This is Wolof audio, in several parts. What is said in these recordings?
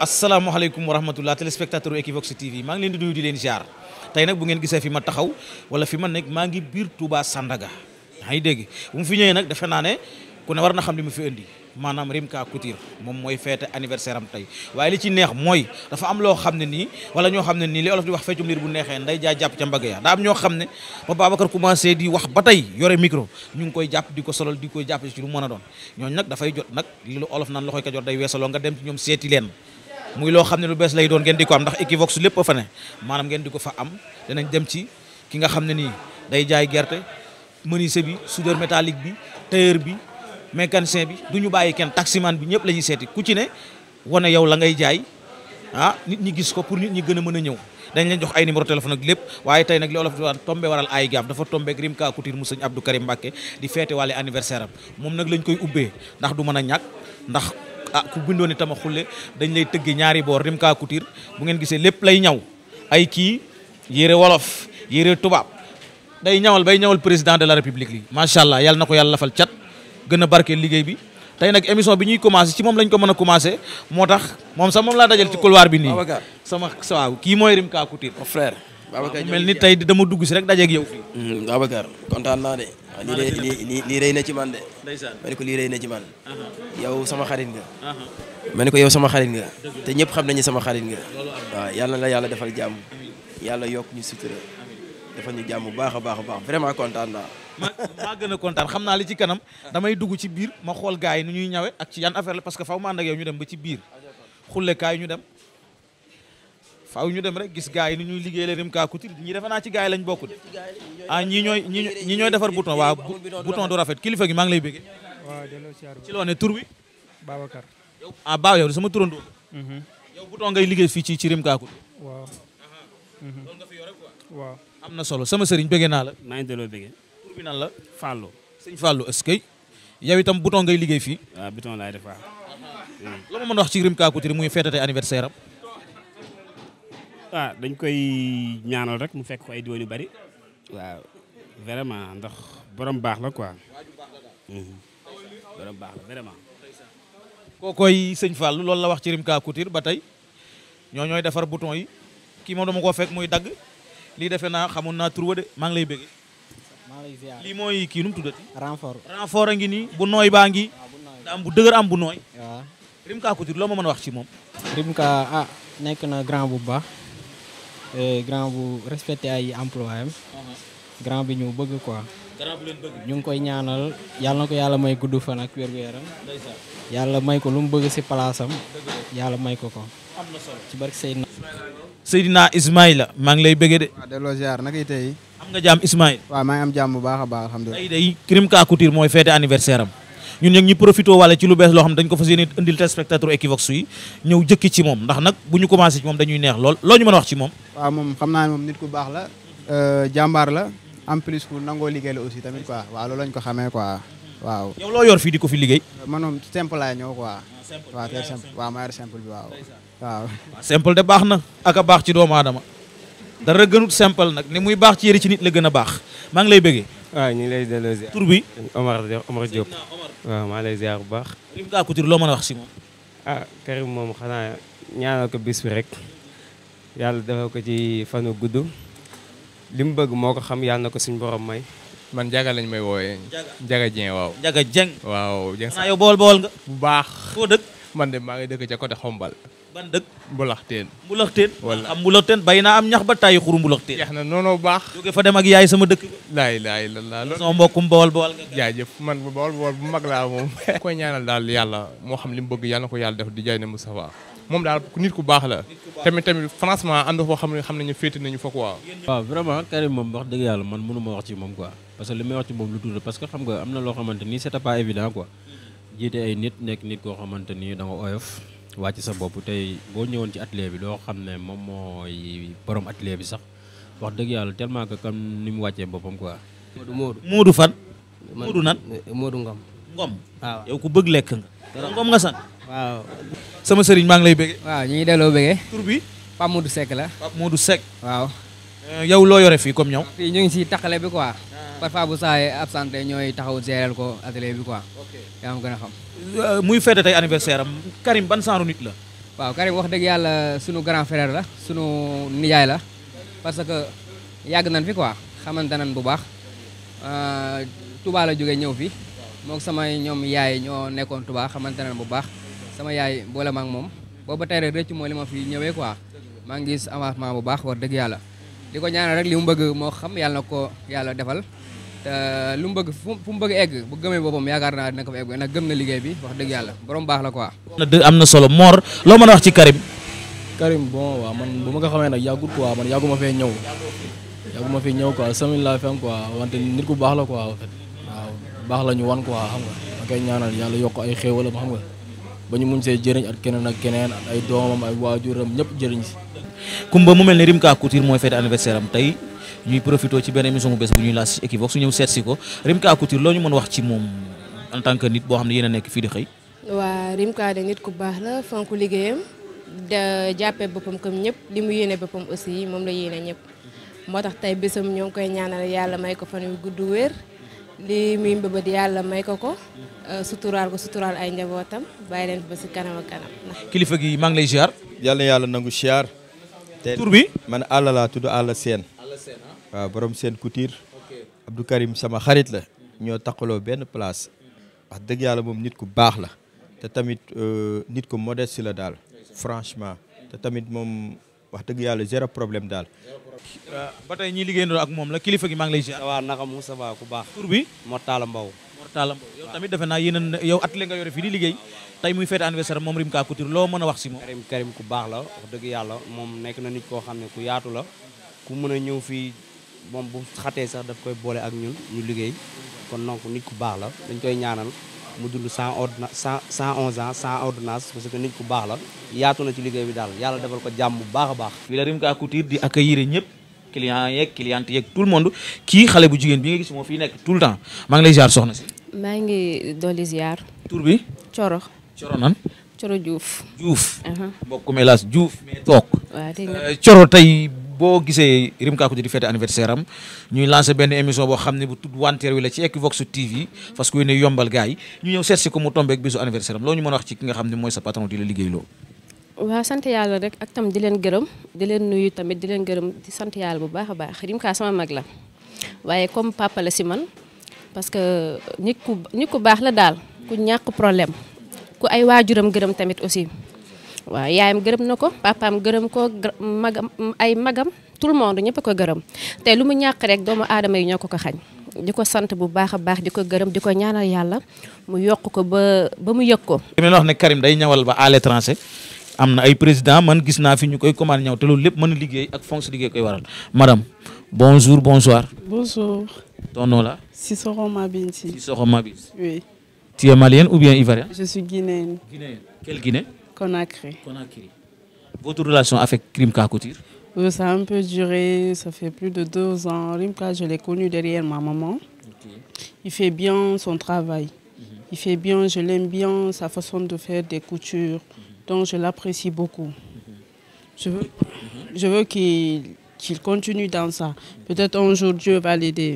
asalaamaaleykum wa rahmatulah téléspectateur Equivox TV maa ngi leen di nuyu di leen jaar tey nag bu ngeen gisee fi ma taxaw wala fi ma nekk maa ngi biir tubaa Sandaga yaa ngi dégg bu mu fi ñëwee nag defe naa ne ku war na xam li mu fi indi maanaam Rimka moom mooy feete anniversaire am tey waaye li ci neex mooy dafa am loo xam ne nii wala ñoo xam ne nii li olof di wax feccum bu neexee nday jaa jàpp ca mbagg ya daa am xam ne ba Babacar commencé di wax ba tey yore micro ñu ngi koy jàpp di ko solol di koy jàpp ci lu mën a doon ñooñu nag dafay jot nag li lu olof naan loxoy ka jot day weesaloo nga dem ñoom seeti leen muy loo xam ne lu bees lay doon ngeen di ko am ndax Equivox lépp a fa ne maanaam ngeen di ko fa am danañ dem ci ki nga xam ne nii day jaay gerte menuisier bi soudeur métalique bi tailleur bi mécanicien bi du ñu bàyyi kenn taximan bi ñëpp la ñuy seeti ku ci ne wane yow la ngay jaay ah nit ñi gis ko pour nit ñi gën mën a ñëw dañ leen jox ay numéro téléphone ak lépp waaye tey nag li olof di wax tombé waral ay gaaf dafa tombé ak Rimka Couture mu sëñ Abdou Karim Mbacké di feete wàlle am moom nag lañ koy ubbee ndax du mën a ñàkk ndax ah ku bindoon itam xulle dañ lay tëgg ñaari boor Rimka Couture bu ngeen gisee lépp lay ñaw ay kii yére wolof yére tubaab day ñawal bay ñawal président de la république li macha allah yàlla na ko yàlla lafal cat gën a liggéey bi tey nag émission bi ñuy commencé ci moom lañ ko mën a commencé moo tax moom sax moom laa dajal ci couloir bi nii sama waaw kii mooy Rimka Couture oh, frère Babacar mel ni tey dama dugg si rek dajeeg yow fii. Hmm, Babacar kontaan naa de. lii rëy lii lii na ci man de. ndeysaan ma ne ko lii rëy na ci man. yow sama xarit nga. ma ne ko yow sama xarit nga. te ñëpp xam nañu sama xarit nga. waaw yàlla la yàlla defal jàmm. yàlla yokk ñu sutura. dafa ñu jàmm bu baax a baax a baax vraiment kontaan naa. maa gën a kontaan xam naa li ci kanam ah. damay dugg ci biir ma xool gars yi nu ñuy ñawe ak ci yan affaire la parce que faw ma ànd ak yow ñu dem ba ci biir ah, xullekaay ñu dem faaw ñu dem rek gis gars yi ni ñuy liggéey le Rimka Couture ñi defe naa ci gars yi lañ bokkut ah ñi ñooy ñi ñooy defar bouton waaw bouton du rafet kilifa gi maa ngi lay bëggee ci loo ne tur bi Babacar yow ah baaw yow di sama turandoo mm-hmm. yow gay liggéey fii ci ci Rimka Couture waaw uh-huh. mm-hmm. loolu na solo sama sëriñ bëggee naa la maa ngi delloo bëggee tur bi la Fallou sëñ Fallou est-ce que yow ngay liggéey fii waaw bouton def waaw uh-huh. la ma mën wax ci Rimka Couture muy feetate anniversaire ah dañ koy ñaanal rek mu fekk ko ay diwaan yu bari waaw vraiment ndax borom baax la quoi mhm. borom baax la vraiment. kookoy sëñ Fall loolu la wax ci Rimka Couture ba tey ñoo ñooy defar bouton yi kii moom dama koo fekk muy dagg lii defe naa xamoon naa tur wa de maa ngi lay bëgg. li mooy kii nu mu tuddati. renfort renfort a ngi nii bu nooy baa ngi. Ah, da am bu dëgër am bu nooy. waaw ka Couture loo ma mën a wax ci moom. Rimka a ah, nekk na grand bu baax. Euh, grand bu respecté ay employé am uh-huh. grand bi ñu bëgg quoi. ñu ngi koy ñaanal yàlla na ko yàlla may gudd fan ak wér gu yaram. may ko lu mu bëgg si palaasam am. yàlla may ko ko. am na solo ci barke Seydina. Seydina Ismaïla maa lay bëggee de. waaw delloo ziar naka tey. am nga jàmm Ismaïla. waaw am jàmm bu baax a baax alhamdulilah. tey day Crime mooy fête anniversaire am. ñu nag ñi profité wàlle ci lu bees loo xam dañ ko fas yéene indil téléspectateur Equivox yi ñëw jëkki ci moom ndax nag bu ñu commencé moom dañuy neex lool loo ñu mën a wax ci moom waaw moom xam ku baax la euh, jàmbaar la en plus ku nangoo liggéey aussi tamit quoi waaw lañ ko xamee quoi waaw yow loo yor fii di ko fi liggéey euh, man moom simple laay ñëw quoi ah, waaw très simple waaw ma yor simple bi waaw waaw ah, simple de baax na ak a baax ci doomu aadama dara gënut simple nag ni muy baax ci yëri ci nit la gën a baax maa ngi lay bëggee waaw ñu ngi lay delloo ziar tur bi Omar Omar waaw maa lay ziar bu baax. Lim Ka Couture loo man a wax si moom. ah Karim moom xanaa ñaanal ko bis bi rek yàlla defal ko ci fanu gudd li mu bëgg moo ko xam yàlla na ko suñu borom may. man jaga lañ may wooyee. jaga Dieng waaw. jaga Dieng. waaw Dieng sax bu baax. foo dëkk. man de maa ngi dëkk ca côté Xombal. ban dëkk mbulaxteen mbulaxteen bay naa am ñax ba tàyyi xuru mbulaxteen jeex na noonu baax jóge fa dem yaay sama dëkk laay laay la laa sama mbokkum bawal bawal nga jaajëf man bu bawal mag laa moom koy ñaanal daal yàlla moo xam li mu bëgg yàlla na ko yàlla def di jaay ne Moustapha moom daal nit ku baax la tamit tamit franchement am na foo xam ne xam nañu féete nañu fa quoi waaw vraiment Karim moom wax dëgg yàlla man mënu ma wax ci moom quoi parce que li may wax ci moom lu tuuti parce que xam nga am na loo xamante nii c'était pas évident mm-hmm. nekk nit xamante nii da nga oyof wàcc sa bopp tey boo ñëwoon ci atelier bi doo xam ne moom mooy borom atelier bi sax wax dëgg yàlla tellement que kam ni mu wàccee boppam quoi. Moodu Moodu Moodu fan. Moodu nan Moodu Ngom. Ngom waaw ku bëgg lekk nga. Ngom nga sant. waaw. sama sëriñ maa ngi lay bëggee. waaw ñu ngi delloo bëggee. tur bi Pape Modou Seck la. Pape Modou Seck. waaw. Eh, yow loo yore fii comme ñëw. fii ñu ngi si taxale bi quoi. parfois bu saa yee absenté ñooy taxaw gérer ko atelier bi quoi. ok yaa ma gën a xam. Euh, muy fête tey anniversaire Karim ban genre nit la. waaw Karim wax dëgg yàlla sunu grand frère la sunu nijaay la parce que yàgg nañ fi quoi xamante nañ bu baax euh, Touba la jógee ñëw fi moom sama ñoom yaay ñoo nekkoon Touba xamante nañ bu baax sama yaay boole ma ak moom booba tey rek moo li ma fi ñëwee quoi maa ngi gis avancement bu baax war dëgg yàlla. di ko ñaanal rek li mu bëgg moo xam yàlla na ko yàlla defal. Euh, lu mu bëgg fu mu bëgg egg bu gëmee boppam yaakaar naa dina ko fa egg nag gëm na liggéey bi wax dëgg yàlla borom baax la quoi. am na solo Mor loo mën a wax ci Karim. Karim bon waaw man bu ma ko xamee nag yàggul quoi man yàgguma fee ñëw yàgguma fee ñëw quoi semaine laa fenn quoi wante nit ku baax la quoi baax la wan quoi xam nga ma koy ñaanal yàlla yokk ay xéewalam xam nga ba ñu mun see jëriñ ak keneen ak keneen ak ay doomam ay waajuram ñëpp jëriñ si. Kumba mu mel ni Rimka Couture mooy fête anniversaire am tey. ñuy profité ci benn émission bu bees bu ñuy laas ci Equivox su ñëw seet ko Rimka Couture loo ñu mën wax ci moom en tant que nit boo xam ne yéen a nekk fii di xëy. waa Rimka de nit ku baax la fonk liggéeyam da jàppee boppam comme ñëpp li mu yéene boppam aussi moom la yéene ñëpp moo tax tey bésam ñoo ngi koy ñaanal yàlla may ko fan yu gudd wér li muy mbëbët yàlla may ko ko euh, suturaal ko suturaal ay njabootam bàyyi leen ba si kanam ak kanam. kilifa gi maa ngi lay ziar. yàlla na yàlla nangu ziar. bi man àll laa tudd àll seen. waaw euh, borom seen couture Abdou Karim sama xarit la ñoo taqaloo benn place wax dëgg yàlla moom nit ku baax la te tamit euh, nit ku si la daal franchement te tamit moom wax dëgg yàlla zéro problème daal. Euh, ba tey ñi liggéeyandoo ak moom la kilifa gi maa lay ziar. waaw naka Moussa Ba ku baax. tur Mbow. Mortala Mbow yow tamit defe naa yéen yow atelier nga yore fii di liggéey tey muy fête anniversaire moom Rimka loo mën a wax si moom. Karim Karim ku baax la dëgg yàlla moom nekk na nit koo xam ne ku yaatu la ku mën a ñëw fii. moom bu xatee sax daf koy boole ak ñun ñu liggéey kon donc nit ku baax la dañ koy ñaanal mu dund cent ordina cent cent onze ans sans ordonnance parce que nit ku baax la yaatu na ci liggéey bi daal yàlla defal ko jàmm baax baax fii la Rimka Couture di accueillir ñëpp client yeeg cliente yeeg tout le monde kii xale bu jigéen bi nga gis moo fii nekk tout le temps maa ngi lay ziar soxna si maa ngi dolli ziar tur bi coro coro nan coro Diouf Diouf uh-huh. bokk mélas Diouf boo gisee Rimka di fête anniversaire am ñuy lancé benn émission boo xam ne bu tudd wanteer wi la ci Equivox TV parce que yéen yombal gars yi ñu ñëw seet si ko mu tombé ak bisu anniversaire am loo ñu mën a wax ci ki nga xam ne mooy sa patron di la liggéeyloo. waaw sant yàlla rek ak tam di leen gërëm di leen nuyu tamit di leen gërëm di sant yàlla bu baax a baax Rimka sama mag la waaye comme papa si man parce que nit ku nit ku baax la daal ku ñàkk problème ku ay waajuram gërëm tamit aussi. waaw yaayam gërëm na ko papaam gërëm ko magam ay magam tout le monde ñëpp ko gërëm te lu mu ñàkk rek doomu aadama yi ñoo ko ko xañ di ko sant bu baax a baax di ko gërëm di ko ñaanal yàlla mu yokk ko ba ba mu yëg ko. li wax ne Karim day ñawal ba à l'étranger am na ay président man gis naa fi ñu koy commande ñaw te loolu lépp mën a liggéey ak fonction liggéey koy waral madame bonjour bonsoir. bonjour. ton la si Sissoko Mabinsi. Sissoko Mabinsi. oui. tu es malienne ou bien ivoirienne. je suis guinéenne. Conakry. Conakry. Votre relation avec Rimka Couture Ça un peu duré, ça fait plus de deux ans. Rimka, je l'ai connu derrière ma maman. Okay. Il fait bien son travail. Mm fait bien, je l'aime bien, sa façon de faire des coutures. Mm -hmm. Donc je l'apprécie beaucoup. Mhm. Je veux, mhm. qu'il continue dans ça. Peut-être un jour Dieu va l'aider.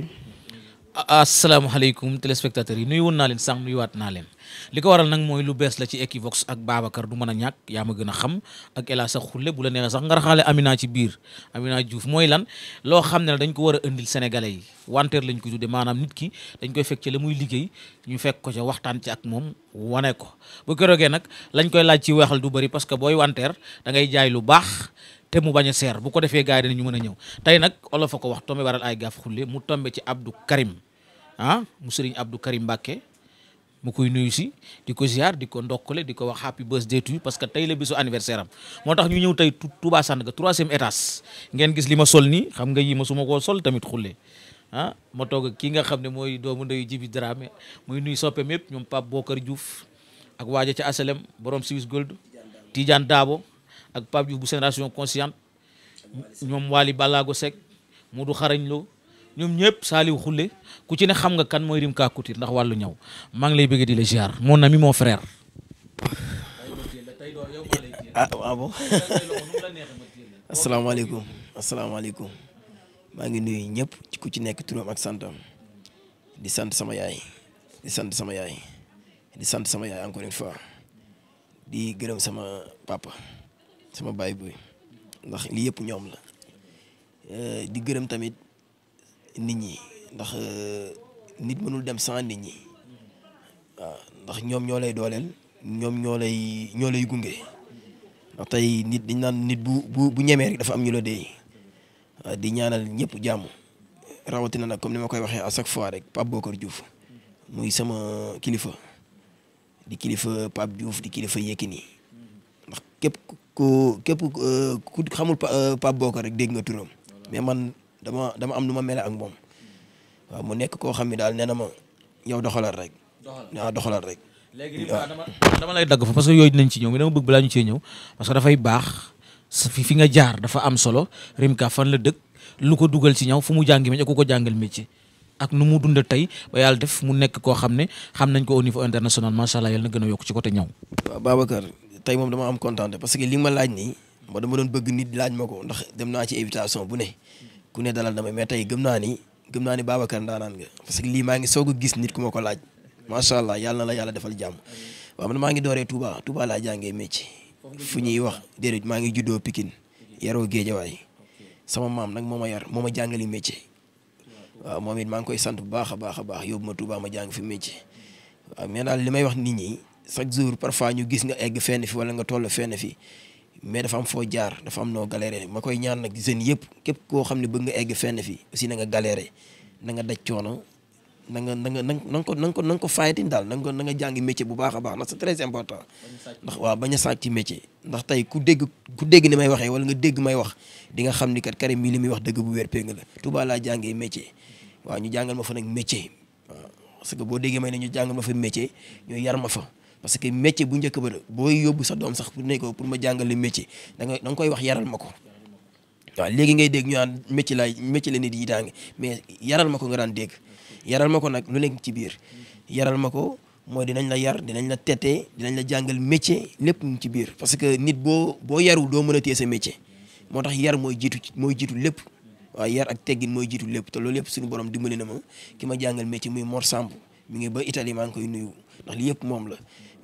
asalaamaaleykum téléspectateurs yi nuyu woon naa leen sànq nuyuwaat naa leen. li ko waral nag mooy lu bees la ci Equivox ak Babacar du mën a ñàkk yaa ma gën a xam ak El Hadj sax xulle bu la neexee sax nga raxaale Amina ci biir Amina Diouf mooy lan loo xam ne la dañ ko war a indil sénégalais yi wanteer lañ ko dee maanaam nit ki dañ koy fekk ci la muy liggéey ñu fekk ko ca waxtaan ci ak moom wane ko bu keroogee nag lañ koy laaj ci weexal du bëri parce que booy wanteer da ngay jaay lu baax. te mu bañ a seer bu ko defee gars yi dinañu mën a ñëw tey nag olof ko wax tombe waral ay gaaf xulle mu tombe ci Abdou Karim ah mu sëriñ Abdou Karim mu koy nuyu si di ko ziar di ko ndokkale di ko wax happy birthday to you parce que tey la bisu anniversaire am moo tax ñu ñëw tey Touba Sandaga troisième étage ngeen gis li ma sol nii xam nga yi ma su koo sol tamit xulle ah ma toog kii nga xam ne mooy doomu ndeyu Jibi Dramé muy nuyu soppeem yëpp ñoom Pape Bokar Diouf ak waaja ca asalem borom Swiss Gold Tidiane daabo ak Pape Diouf bu génération consciente ñoom Wali Balago Seck du Xarañ loo ñoom ñëpp saaliw xulle ku ci ne xam nga kan mooy Rimka Couture ndax wallu ñaw maa ngi lay bëgg di la ziar mon moo mon frère. ah waaw ah bon asalaamaaleykum asalaamaaleykum maa ngi nuyu ñëpp ku ci nekk turam ak santam di sant sama yaay di sant sama yaay di sant sama yaay encore une fois di gërëm sama papa sama baay buy ndax lii yëpp ñoom la euh, di gërëm tamit. nit ñi ndax euh, nit manul dem sans nit ñi waaw ndax ñoom ñoo lay dooleel ñoom ñoo lay gunge ndax tey nit dañ naan nit bu bu bu ñemee dafa am ñu la dee di ñaanal ñëpp jàmm rawatina nag comme ni ma koy waxee à chaque fois rek Pape Bokar Diouf muy sama kilifa di kilifa Pape Diouf di kilifa Yékini ndax képp ku képp euh, ku xamul euh, Pape rek dégg nga turam mais dama dama am nu ma mel ak moom mu nekk koo xam ne daal nee na ma yow doxalal rek. doxalal doxalal rek. léegi ah, dama dama lay dagg fa parce que yooyu nañ ci ñëw mais dama bëgg balaa ñu cee ñëw parce que dafay baax fi fi nga jaar am solo Rimka fan la dëkk lu ko dugal ci ñaw fu mu jàngi métier ku ko jàngal métier ak nu mu dund tey ba yàlla def mu nekk koo xam ne xam nañ ko au niveau international macha allah yàlla na gën yokk ci côté ñaw. waaw Babacar moom dama am kontaan parce que li ma laaj nii. moo dama doon bëgg nit laaj ma ko ndax dem naa ci invitation bu ne. ku ne dalal na ma mais tey gëm naa ni gëm naa ni Babacar ndaanaan nga parce que lii maa ngi soog a gis nit ku ma ko laaj macha allah yàlla na la yàlla defal jàmm waaw man maa ngi dooree Touba Touba laa jàngee métier fu ñuy wax déedéet maa ngi juddoo Pikine yaroo Géejawaay sama maam nag moom ma yar moo ma jàngali métier waaw moom it maa ngi koy sant bu baax a baax a baax yóbbu ma Touba ma jàng fi métier waaw naan daal li may wax nit ñi chaque jour parfois ñu gis nga egg fenn fi wala nga toll fenn fi mais dafa am foo jaar dafa am noo galéré ma koy ñaan nag jeunes yëpp képp koo xam ne bëgg nga egg fen fii aussi nanga nga nanga na nga daj coono na nga na nga na nga ko na nga ko ko fayatin daal na nga na nga jàngi métier bu baax a baax ndax c'est très important ndax waaw bañ a sàcc ci métier ku dégg ku dégg ni may waxee wala nga dégg may wax di nga xam ni kat Karim mii li muy wax dëgg bu wér nga la Touba laa jàngee métier waaw ñu jàngal ma fa nag métier parce que boo déggee may ne ñu jàngal ma fa métier ñu yar ma fa parce que métier bu njëkk ba boo yóbbu sa doom sax pour ne ko pour ma jàngale métier da nga koy wax yaral ma ko waaw léegi ngay dégg ñu naan laay métier la nit yi daange mais yaral ma ko nga dégg yaral ma ko nag lu ci biir yaral ma ko mooy dinañ la yar dinañ la tete dinañ la jàngal métier lépp mu ci biir parce que nit boo boo yarul doo mën a téye sa métier moo tax yar mooy jiitu mooy jiitu lépp waaw yar ak teggin mooy jiitu te loolu yëpp suñu borom dimbali na ma ki ma jàngal métier muy Mor Samb mi ngi ba Italie maa ngi koy nuyu ndax lii yëpp moom la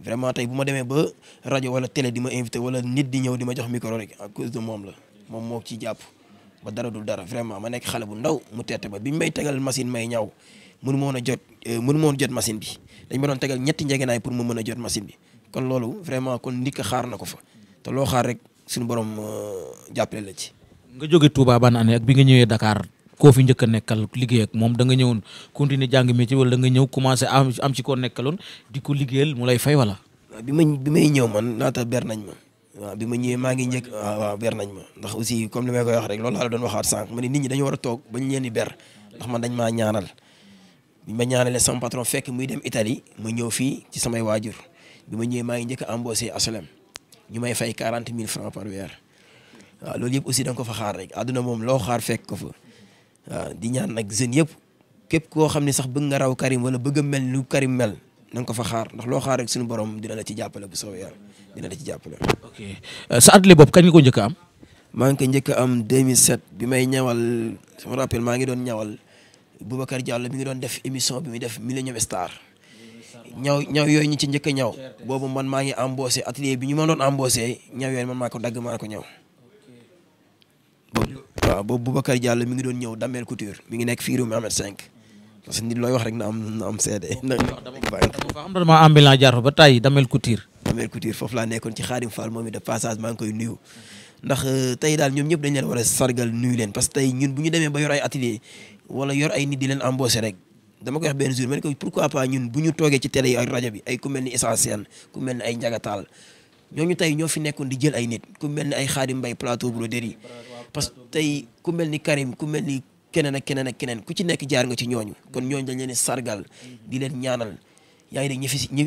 vraiment tey bu ma demee ba rajo wala télé di ma invité wala nit di ñëw di ma jox micro rek à cause de moom la moom moo ci jàpp ba dara dul dara vraiment ma nekk xale bu ndaw mu teete ba bi may tegal machine may ñaw mënu ma woon a jot euh, mënu ma jot machine bi dañ ma doon tegal ñetti naay pour mu mën a jot machine bi kon loolu vraiment kon ndikk xaar na ko fa te loo xaar rek suñu borom euh, jàppale la ci. nga jóge Touba ban année ak bi nga ñëwee Dakar koo fi njëkk a nekkal liggéey ak moom da nga ñëwoon continuer jàng métier wala da nga ñëw commencé am am ko koo nekkaloon di ko liggéeyal mu lay fay wala. waaw bi ma may ñëw man naata ber nañ ma bi ma ñëwee maa ngi njëkk waaw waaw nañ ma ndax aussi comme li may koy wax rek loolu laa doon waxaat sànq ma ne nit ñi dañu a toog bañ leen di ber ndax dañ maa ñaanal bi ma ñaanalee sama patron fekk muy dem Italie ma ñëw fii ci samay waajur bi ma ñëwee maa ngi njëkk a embauché ñu may fay quarante mille francs par weer waaw loolu yëpp aussi da ko fa xaar rek àdduna moom loo xaar fekk ko fa waaw di ñaan nag jeunes yëpp képp koo xam ne sax bëgg nga raw Karim wala bëgg a mel lu Karim mel na nga ko fa xaar ndax loo xaar rek suñu borom dina la ci jàppale bu soobee yàlla dina la ci jàppale. ok euh, sa atelier boobu kañ nga ko njëkk am. maa ngi ko njëkk a am 2007 bi may ñawal sama maa ngi doon ñawal Boubacar Diallo mi ngi doon def émission bi muy def Millennium Star. ñaw ñaw yooyu ñu ci njëkk a ñaw boobu man maa ngi embauché atelier bi ñu ma doon embauché ñaw yooyu man maa ko dagg maa ko ñaw. waaw boobu Boubacar Diallo mi ngi doon ñëw Damel Couture mi ngi nekk fii Rue Mohamed 5 parce que nit looy wax rek na am na na am dama ba tey Damel Couture. Damel Couture foofu laa nekkoon ci Xaadim Fall moom it de passage maa ngi koy nuyu. ndax euh, tey daal ñoom ñëpp dañ leen war sargal nuyu leen parce que tey ñun bu ñu demee ba yor ay atelier wala yor ay nit di leen embauché rek dama koy wax benn jour ma ne pourquoi pas ñun bu ñu toogee ci télé yi ak rajo bi ay ku mel ni essentiel ku mel tey ñoo fi nekkoon di jël ay nit ku mel ni ay Xaadim Mbay plateau broderie parce que tey ku mel ni Karim ku mel ni keneen ak keneen ak keneen ku ci nekk jaar nga ci ñooñu kon ñooñu dañ leen sargal di leen ñaanal yaa ngi dégg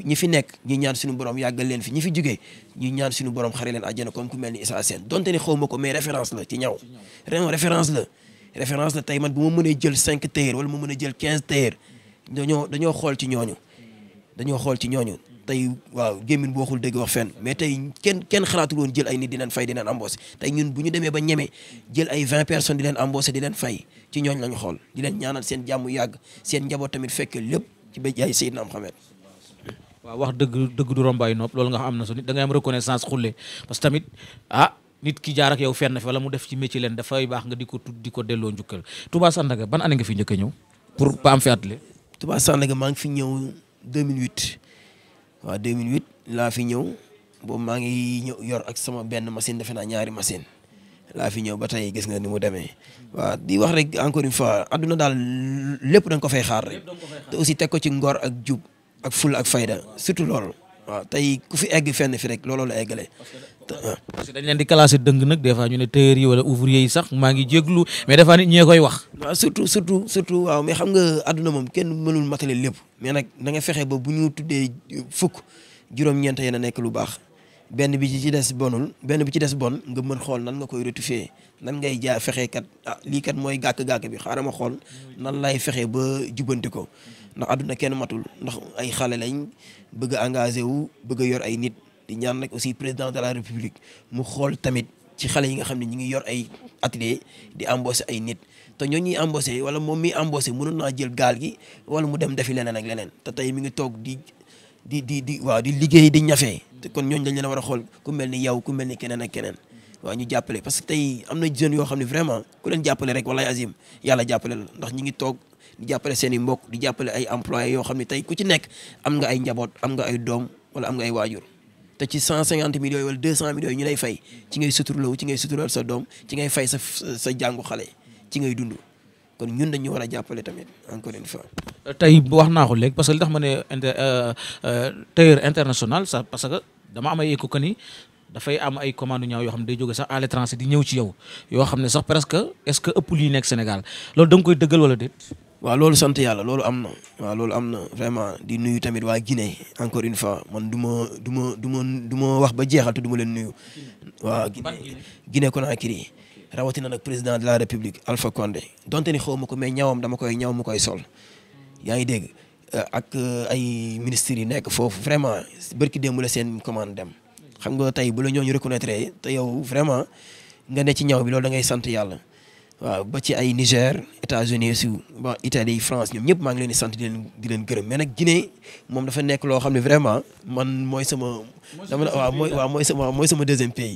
ñi fi ñi nekk ñu ñaan suñu borom yàggal leen fi ñi fi jógee ñu ñaan suñu borom xare leen àjjana comme ku mel ni Issa Sène donte ne xaw ma ko mais référence la ci ñaw ren référence la référence la tey man bu ma mënee jël cinq téer wala ma mën a jël quinze téer dañoo dañoo xool ci ñooñu dañoo xool ci ñooñu tey waaw gémmin bu waxul dëgg wax fenn mais tey kenn kenn xalaatul woon jël ay nit di leen fay di leen embauché tey ñun bu ñu demee ba ñeme jël ay vingt personnes di leen embauché di leen fay ci ñooñ lañu xool di leen ñaanal seen jàmm yàgg seen njaboot tamit fekk lépp ci béj yaay Seydina Muhammad waaw wax dëgg dëgg du rombaay nopp loolu nga am na su nit da ngay am reconnaissance xulle parce que tamit ah nit ki jaar ak yow fenn fi wala mu def ci métier leen dafay baax nga di ko tudd di ko delloo njukkal Touba Sandaga ban année nga fi njëkk a ñëw pour ba am fi atelier maa ngi fi ñëw 2008 waa waaw 2008 laa fi ñëw boobu maa ngi ñëw yor ak sama benn machine defe naa ñaari machine laa fi ñëw ba tey gis nga ni mu demee waa di wax rek encore une fois adduna daal lépp da ko fay xaar rek te aussi teg ko ci ngor ak jub ak ful ak fayda surtout loolu waaw tey ku fi egg fenn fi rek looloo la eggale parce que dañ leen di classé dëng nag des fois ñu ne tailleur yi wala ouvrier yi sax maa ngi jéglu mais des nit ñee koy wax. surtout surtout waaw mais xam nga àdduna moom kenn mënul matale lépp mais nag da nga fexe ba bu ñu tuddee fukk juróom-ñeent yéen a nekk lu baax benn bi ci des bonul benn bi ci des bon nga mën xool nan nga koy retouché nan ngay jaa fexe kat ah lii kat mooy gàkk-gàkk bi xaaral ma xool nan lay fexe ba jubbanti ko ndax àdduna kenn matul ndax ay xale lañ bëgg a engagé wu bëgg yor ay nit. di ñaan nag aussi président de la république mu xool tamit ci xale yi nga xam ne ñu ngi yor ay atelier di embaucher ay nit te ñoo ñuy embaucher wala moom miy embaucher mënoon naa jël gaal gi wala mu dem defi leneen ak leneen te tey mi ngi toog di di di di waaw di liggéey di ñafe te kon ñooñu dañ leen war a xool ku mel ni yow ku mel ni keneen ak keneen waaw ñu jàppale parce que tey am na jeunes yoo xam ne ku leen jàppale rek walaay azim yàlla jàppale la ndax ñi ngi toog di jàppale seen i mbokk di jàppale ay employés yoo xam ne tey ku ci nekk am nga ay njaboot am nga ay doom wala am nga ay waajur te ci cent cinquante mille yooyu wala ñu lay fay ci ngay suturlawu ci ngay sutural sa doom ci ngay fay sa sa jàngu xale ci ngay dund kon ñun dañu war a jàppale tamit encore une fois. tey wax naa ko léegi parce que li tax ma ne inter euh, euh, tailleur international sax parce que dama am ay écho que ni dafay am ay commande ñaaw yoo xam ne day jóge sax à l'étranger di ñëw ci yow yoo xam ne sax presque est-ce que ëpp lii nekk Sénégal loolu da nga koy dëggal wala déet. waa loolu sant yàlla loolu am na waaw loolu am na vraiment di nuyu tamit waa Guinée encore une fois man du ma du ma du ma du ma wax ba jeexal te du leen nuyu waaw Guinée Guinée Conakry rawatina nag président de la république Alpha Condé donte ni xaw ma ko mais ñawam dama koy ñaw mu koy sol yaa ngi dégg euh, ak euh, ay ministres yi nekk foofu vraiment bërki démb la seen commande dem xam nga tey bu la ñooñu reconnaître te yow vraiment nga ne ci ñaw bi loolu da ngay sant yàlla waaw ba ci ay Niger États-Unis su ba Italie France ñoom ñëpp maa ngi leen di sant di leen di leen gërëm Guinée moom dafa nekk loo xam ne vraiment man mooy sama. dama waaw mooy waaw sama mooy sama pays.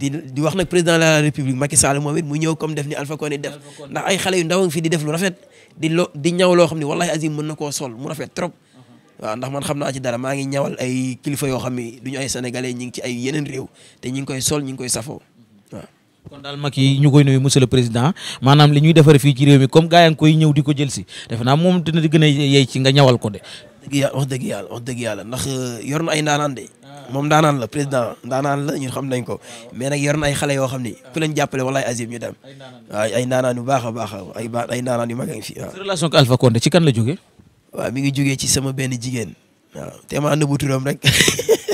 di di wax nag président de la République Macky moom it mu ñëw comme def ni Alpha Condé def ndax ay xale yu ndaw fi di def lu rafet di di ñaw loo xam ne wallahi azim mën na koo sol mu rafet trop. Uh-huh. waaw ndax man maa ngi ñawal ay kilifa yoo xam ne duñu ay sénégalais ñi ngi ci ay yeneen réew te ñi ngi koy sol ñi ngi koy safoo kon daal mag yi ñu koy nuyu monsieur le président maanaam li ñuy defare fii ci réew mi comme gaa yaa ngi koy ñëw di ko jël si defe naa moom dina di gën a yey ci nga ñawal ko de. dëgg yàlla wax dëgg yàlla ndax euh, yor na ay ndaanaan de moom ndaanaan la président ndaanaan la ñu xam nañ ko mais nag yor na ay xale yoo xam ni ku leen jàppale walaay azim ñu dem waaw ay ndaanaan yu baax a ay ay ndaanaan yu mag a ngi fi waaw. relation ak Alpha Condé ci kan la jógee. waaw mi ngi jógee ci sama benn jigéen waaw te ma nëbbu turam rek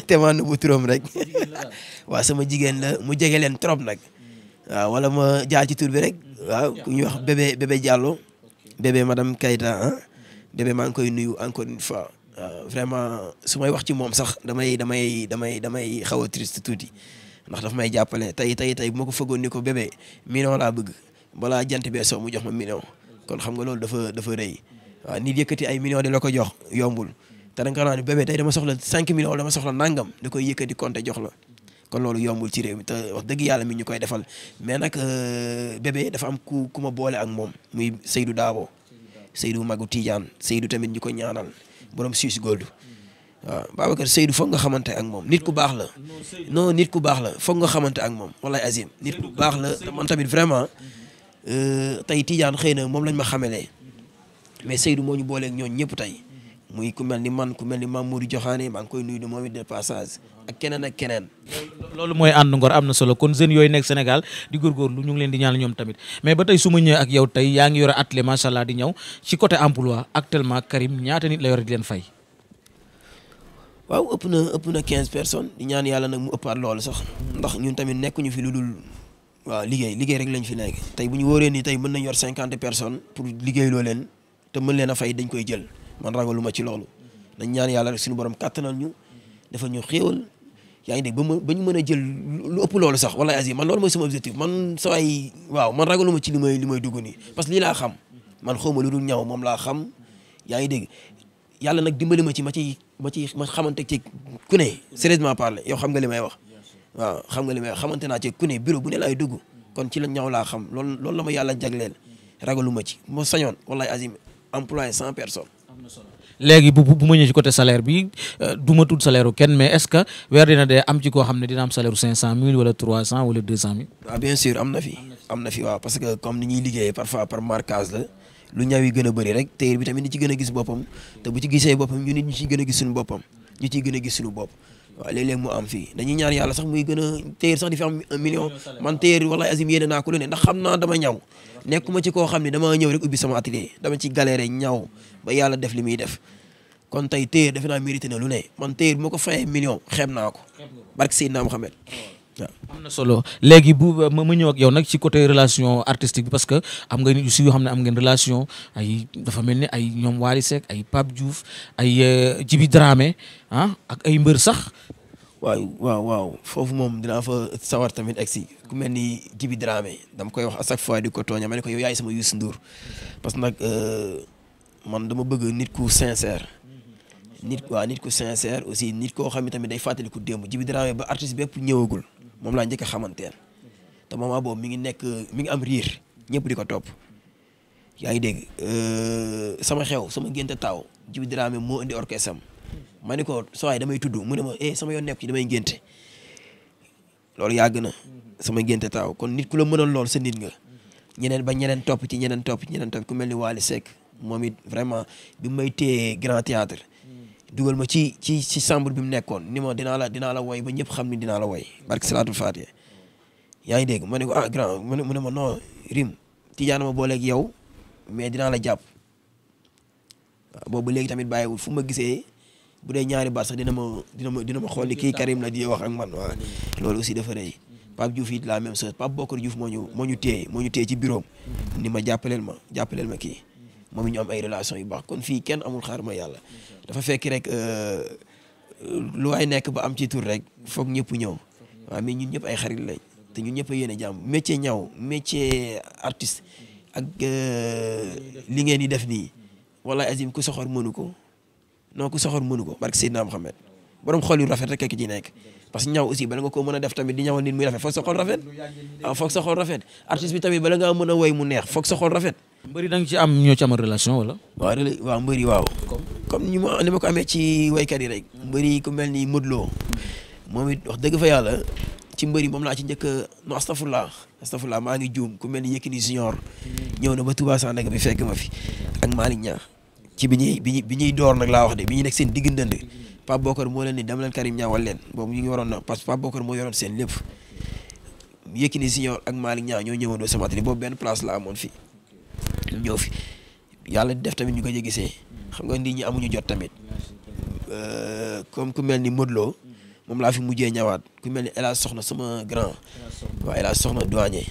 te ma nëbbu turam rek waaw sama jigéen mu jege leen trop nag waaw wala ma jaar ci tur bi rek waaw ku ñuy wax bébé bébé Diallo bébé madame Kayta ah bébé maa ngi koy nuyu encore une fois waaw vraiment su may wax ci moom sax damay damay damay damay xaw a triste tuuti ndax daf may jàppale tey tey tey bu ma ko fëggoon ni ko bébé million laa bëgg balaa jant bee soo mu jox ma million kon xam nga loolu dafa dafa rëy waaw nit yëkkati ay million di la ko jox yombul te da nga ko naan bébé tey dama soxla 5 millions dama soxla nangam da koy yëkkati compte jox la kon loolu yombul ci réew mi te wax dëgg yàlla mi ñu koy defal mais nag euh, bébé dafa am ku ku ma boole ak moom muy Seydou Daabo Seydou Magu Tidiane Seydou tamit ñu ko ñaanal borom Suisse Gold waaw Babacar Seydou foog nga xamante ak moom nit ku baax la non nit ku baax la foog nga xamante ak moom wallaay Azim nit ku baax la te man tamit vraiment euh, tey Tidiane xëy na moom lañ ma xamelee mais Seydou moo ñu booleeg ñooñu ñëpp tey muy ku mel ni man ku mel ni Mamour Joxaane maa ngi koy nuyu di moom it de passage ak keneen ak keneen. loolu mooy ànd ngor am na solo kon jeunes yooyu nekk Sénégal di góorgóorlu ñu ngi leen di ñaan ñoom tamit mais ba tey su ma ak yow tey yaa ngi yore atelier macha di ñëw ci côté emploi actuellement Karim ñaata nit la yore leen fay. waaw ëpp ëpp na quinze personnes di ñaan yàlla nag mu ëpp at loolu sax ndax ñun tamit nekkuñu fi lu dul waaw liggéey liggéey rek lañ fi nekk tey bu ñu wóoree nii tey mën nañ yor cinquante personnes pour liggéeyloo leen te mën leen a fay dañ koy jël man ragaluma ci loolu dañ ñaan yàlla rek suñu borom kàttanal ñu dafa ñu xéewal yaa ngi dégg ba ma ba mën a jël ëpp loolu sax wala asi man loolu mooy sama objectif man saway waaw man ragaluma ci li may li may dugg nii parce que lii laa xam man xawma lu dul ñaw moom laa xam yaa ngi dégg yàlla nag dimbali ma ci ma ci ma ci ma xamante ci ku ne sérieusement parler yow xam nga li may wax waaw xam nga li may xamante naa ci ku ne bureau bu ne laay dugg kon ci la ñaw laa xam loolu loolu la ma yàlla jagleel ragaluma ci moo sañoon wallaay azim employé cent personnes léegi bu ma ñëw ci côté salaire bi euh, du tudd salaire kenn mais est weer dina dee am ci koo xam ne dina am salaire cinq cent mille wala trois cent wala deux cent mille. waaw ah, bien sûr am na fi am na fi waaw parce que comme ni ñuy liggéeyee parfois par marquage la lu ñaaw gën a bëri rek téer bi tamit ni ci gën a gis boppam te bu ci gisee boppam ñu ñu ciy gën a gis suñu bopp waaw léeg-léeg mu am fii dañuy ñaan yàlla sax muy gën a sax di fi am million man téer wallaay azim yéene naa ko lu ne ndax xam naa dama ñaw nekkuma ci koo xam ne dama ñëw rek ubbi sama atelier dama ci galéré ñaw ba yàlla def li muy def kon tey téer defe naa mérité na lu ne man téer bu ma ko million xeeb naa ko barke Seydina Mohamed am na solo léegi bu euh, ma ñëw ak yow nag ci côté relation artistique bi parce que am nga nit aussi yoo ne am ngeen relation ay dafa mel ni ay ñoom Wally Seck ay Pape Diouf ay euh, Djiby Dramé ah ak ay mbër sax. waaw waaw waaw foofu moom dinaa fa sawar tamit ak si ku mel ni Djiby Dramé dama koy wax à chaque fois di ko tooña ma ne ko yow yaay sama Youssou Ndour parce que nag euh, man dama bëgg nit ku sincère. nit waaw nit ku sincère aussi nit koo xam ne tamit day fàttaliku démb Djiby Dramé ba artiste bépp ñëwagul. moom laa njëkk a xamanteel te moment boobu mi ngi nekk mi ngi am riir ñëpp di ko topp yaa ngi dégg euh, sama xew sama ngénte taaw Djiby Dramé moo indi orchestre am ma ni ko sooy damay tudd mu ne ma eh sama yoon nekk ci damay ngénte loolu yàgg na sama ngénte taaw kon nit ku la mënal lool sa nit nga ñeneen ba ñeneen topp ci ñeneen topp ci ñeneen topp ku mel ni Wally sek moom it vraiment bi may téye grand théâtre dugal ma ci ci ci chambre bi mu nekkoon ni ma dinaa la dinaa la woy ba ñëpp xam ni dina la woy barke salaatul faatiha yaa ngi dégg ma ne ko ah grand mu ne ma non rim tijaan ma booleeg yow mais dinaa la jàpp waaw boobu léegi tamit bàyyiwul fu ma gisee bu dee ñaari baat sax dina ma dina ma dina ma xool kii Karim la di wax ak man waaw loolu aussi dafa rëy Pape Diouf it la même chose Pape Bokar Diouf moo ñu moo ñu téye moo ñu téye ci bureau ni ma jàppaleel ma jàppaleel ma kii moom ñu am ay relation yu baax kon fii kenn amul xaar ma yàlla dafa fekk rek euh, lu waay nekk ba am ci tur rek foog ñëpp ñëw waaw mais ñun ñëpp ay xarit lañ te ñun ñëpp a yéene jàmm métier ñaw métier artiste ak euh, li ngeen di def nii wallaay azim ku soxor mënu ko non ku soxor mënu ko barke Seydina Mohamed borom xol yu rafet rek ak ci nekk parce que ñaw aussi bala nga koo mën a def tamit di ñawal nit muy rafet foog sa xol rafet ah foog sa xol rafet artiste a woy mu neex foog sa relation wala waaw waaw mbëri waaw comme ni ma ni ma ko amee ci waykat yi rek mbëri ku mel ni Modou Lo moom it wax dëgg fa yàlla ci mbëri moom laa ci njëkk no astafurlah astafurlah maa ngi juum ku mel ni Yékini Junior ñëw na ba Touba Sandaga bi fekk ma fi ak maa Niang ci bi bi ñuy bi ñuy door nag laa wax de bi ñuy nekk seen diggante Pape Bokar moo leen ni dem leen Karim ñaawal leen boobu ñu ngi waroon na parce que Pape Bokar moo yoroon seen lépp Yékini Junior ak Malick Niang ñoo ñëwandoo sama atelier boobu benn place la amoon fii ñëw fi yàlla def tamit ñu ko gisee xam nga nit ñi amuñu jot tamit euh, comme ku mel ni Modou moom laa fi mujjee ñawaat ku mel ni El Hadj Soxna sama grand. waaw El Hadj Soxna douanier.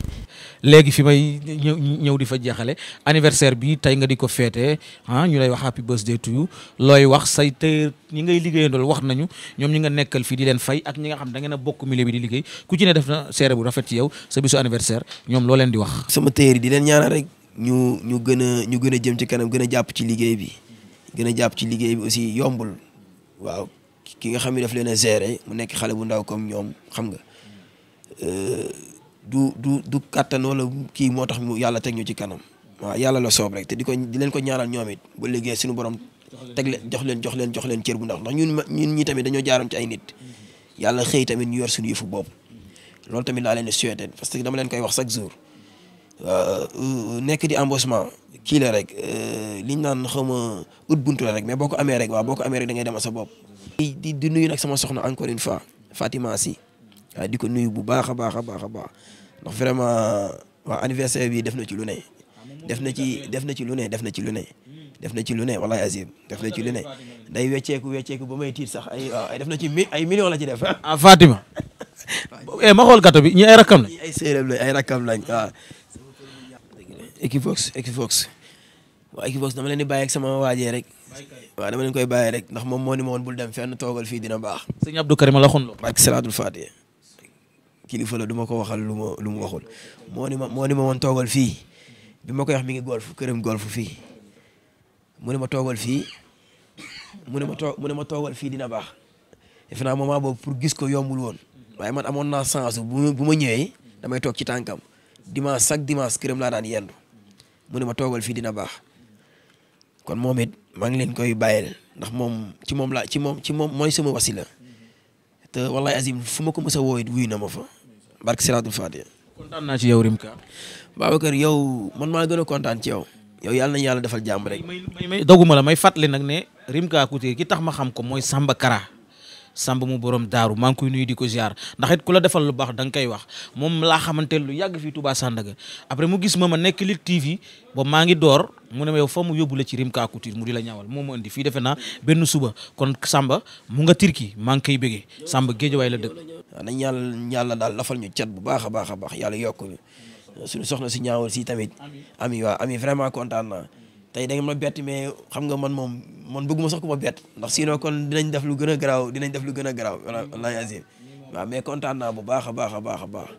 léegi fi may ñëw ñëw di fa jeexale anniversaire bi tey nga di ko féete ah ñu lay wax happy birthday to you looy wax say tey ñi ngay liggéeyandool wax nañu ñoom ñi nga nekkal fii di leen fay ak ñi nga xam da ngeen a bokk milieu bi di liggéey ku ci ne def na seere bu rafet ci yow sa bisu anniversaire ñoom loo leen di wax. sama téeri di leen ñaanal rek ñu ñu gën a ñu gën a jëm ci kanam gën a jàpp ci liggéey bi gën a jàpp ci liggéey bi aussi yombul ki nga xam ne daf leen a gérer mu nekk xale bu ndaw comme ñoom xam nga euh, du du du kàttan wala kii moo tax mu yàlla teg ñu ci kanam waa yàlla la soob rek te di ko di leen ko ñaanal ñoomit it ba liggéey suñu borom teg leen jox leen jox leen jox leen cër bu ndax ndax ñun ñun ñi tamit dañoo jaaroon ci ay nit yàlla xëy tamit ñu yor suñu yëfu bopp loolu tamit laa leen di souhaité parce que dama leen koy wax chaque jour euh, euh, nekk di embauchement kii la rek liñ naan xawma ut buntu la rek mais boo ko amee rek waaw boo da ngay demal sa bopp di di nuyu nag sama soxna encore une fois Fatima si waaye di ko nuyu bu baax a baax a baax a baax ndax vraiment waa anniversaire bi def na ci lu ne def na ci def na ci lu ne def na ci lu ne def na ci lu ne wallahi azim def na ci lu ne day wecceeku wecceeku ba may tiit sax ay ay def na ci ay millions la ci def ah Fatima eh ma xool gàtt bi ñi ay rakkam lañ ay séeréer lañ ay rakkam lañ waaw Equivox Equivox waaw Equivox dama leen di bàyyi ak sama waajee rek waaw dama leen koy bàyyi rek ndax moom moo ni ma woon bul dem fenn toogal fii dina baax. sëñ Abdou Karim la xonloo. barke salaatul faatiha kilifa la du ma ko waxal lu ma lu mu waxul moo ma moo ni ma woon toogal fii bi ma koy wax mi ngi golf këram golf fii mu ne ma toogal fii mu ne ma too mu ne ma toogal fii dina baax defe naa moment boobu pour gis ko yombul woon waaye man amoon naa chance bu bu ma ñëwee damay toog ci tànkam dimanche chaque dimanche këram laa daan yendu mu ne ma toogal fii dina baax. kon moom it maa ngi leen koy bàyyil ndax moom ci moom laa ci moom ci moom mooy sama wasila te wallaay azim fu ma ko mës a woo it na ma fa barke siraatul faatiha kontaan naa ci yow Rimka Babacar yow man maa gën a kontaan ci yow yow yàlla nañu yàlla defal jàmm rek may may doguma la may fàttali nag ne Rimka Couture ki tax ma xam ko mooy Samba Kara Samba mu borom daaru maa ngi koy nuyu di ko ziar ndax it ku la defal lu baax da nga koy wax moom laa xamante lu yàgg fii Touba Sandaga après mu gis ma ma nekk Lutte TV maa ngi door mu ne ma yow fa mu yóbbu la ci Rimka Couture mu di la ñawal moo ma indi fii defe naa benn suba kon Samba mu nga Turquie maa ngi koy bëggee Samba géejawaay la dëkk. waaw nañ yàlla daal lafal ñu cat bu baax a baax a baax yàlla yokk ñu suñu soxna si ñaawal si tamit ami waaw ami vraiment kontaan naa tey da ma bett mais xam nga man moom man bëgguma sax ku ma bett ndax sinon kon dinañ def lu gën a garaaw dinañ def lu gën a garaaw wallahi azim mais kontaan naa bu baax a baax a baax a baax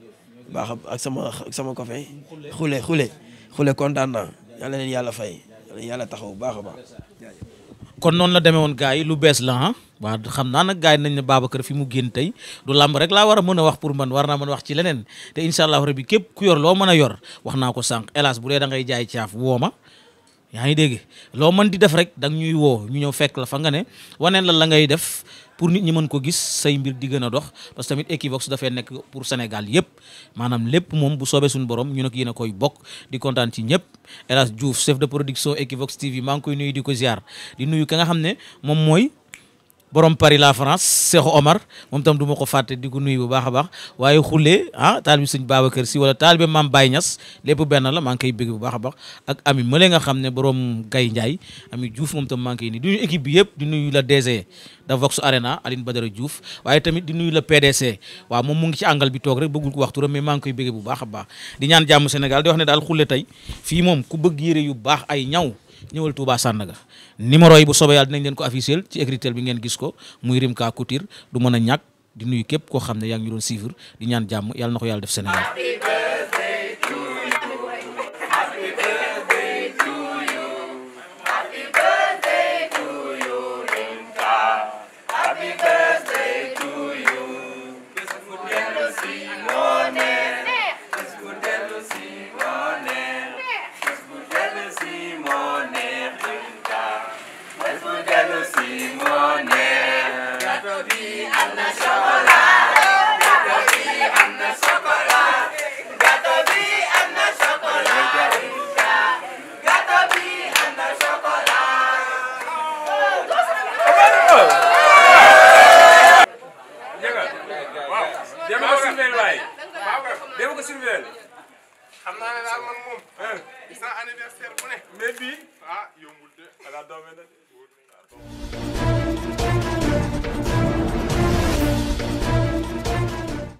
baax ak sama ak sama copain xule xule xule kontaan naa yàlla leen yàlla fay yàlla yàlla taxaw bu baax a baax. kon noonu la demee woon gars yi lu bees la ah waaw xam naa nag gars yi nañ ne Babacar fi mu génn tey du làmb rek laa war a mën a wax pour man war naa mën a wax ci leneen te incha allahu bi képp ku yor loo mën a yor wax naa ko sànq hélas bu dee da jaay caaf woo ma yaa ngi dégg loo mën di def rek da ñuy woo ñu ñëw fekk la fa nga ne waneen la la ngay def pour nit ñi mën ko gis say mbir di a dox parce que tamit Equivox dafay nekk pour Sénégal yëpp maanaam lépp moom bu soobee suñu borom ñu nag yéen a koy bokk di kontaan ci ñëpp El Hadj Diouf de production Equivox TV maa ngi koy nuyu di ko ziar di nuyu ka nga xam ne moom mooy borom Paris la France Cheikhou Omar moom tam du ma ko fàtte di ko nuyu bu baax a baax waaye xulee ah taalibe sëñ Babacar Si wala taalibe maam Baye Niass lépp benn la maa ngi koy bu baax a baax ak ami nga xam ne borom Gaye Ndiaye ami Diouf moom tam maa ngi koy di bi yëpp di nuyu la DG da Vox Arena Aline Badara Diouf waaye tamit di nuyu la PDC waaw moom mu ngi ci àngal bi toog rek bëggul ko waxtu rek mais maa ngi bu baax a baax di ñaan jàmm Sénégal di wax ne daal xulle tey fii moom ku bëgg yëre yu baax ay ñaw ñëwal Touba sànnaga numéro yi bu soobee yàlla dinañ leen ko afficher ci écritel bi ngeen gis ko muy Rimka Couture du mën a ñàkk di nuyu képp koo xam ne yaa ngi ñu doon suivre di ñaan jàmm yàlla na ko yàlla def Sénégal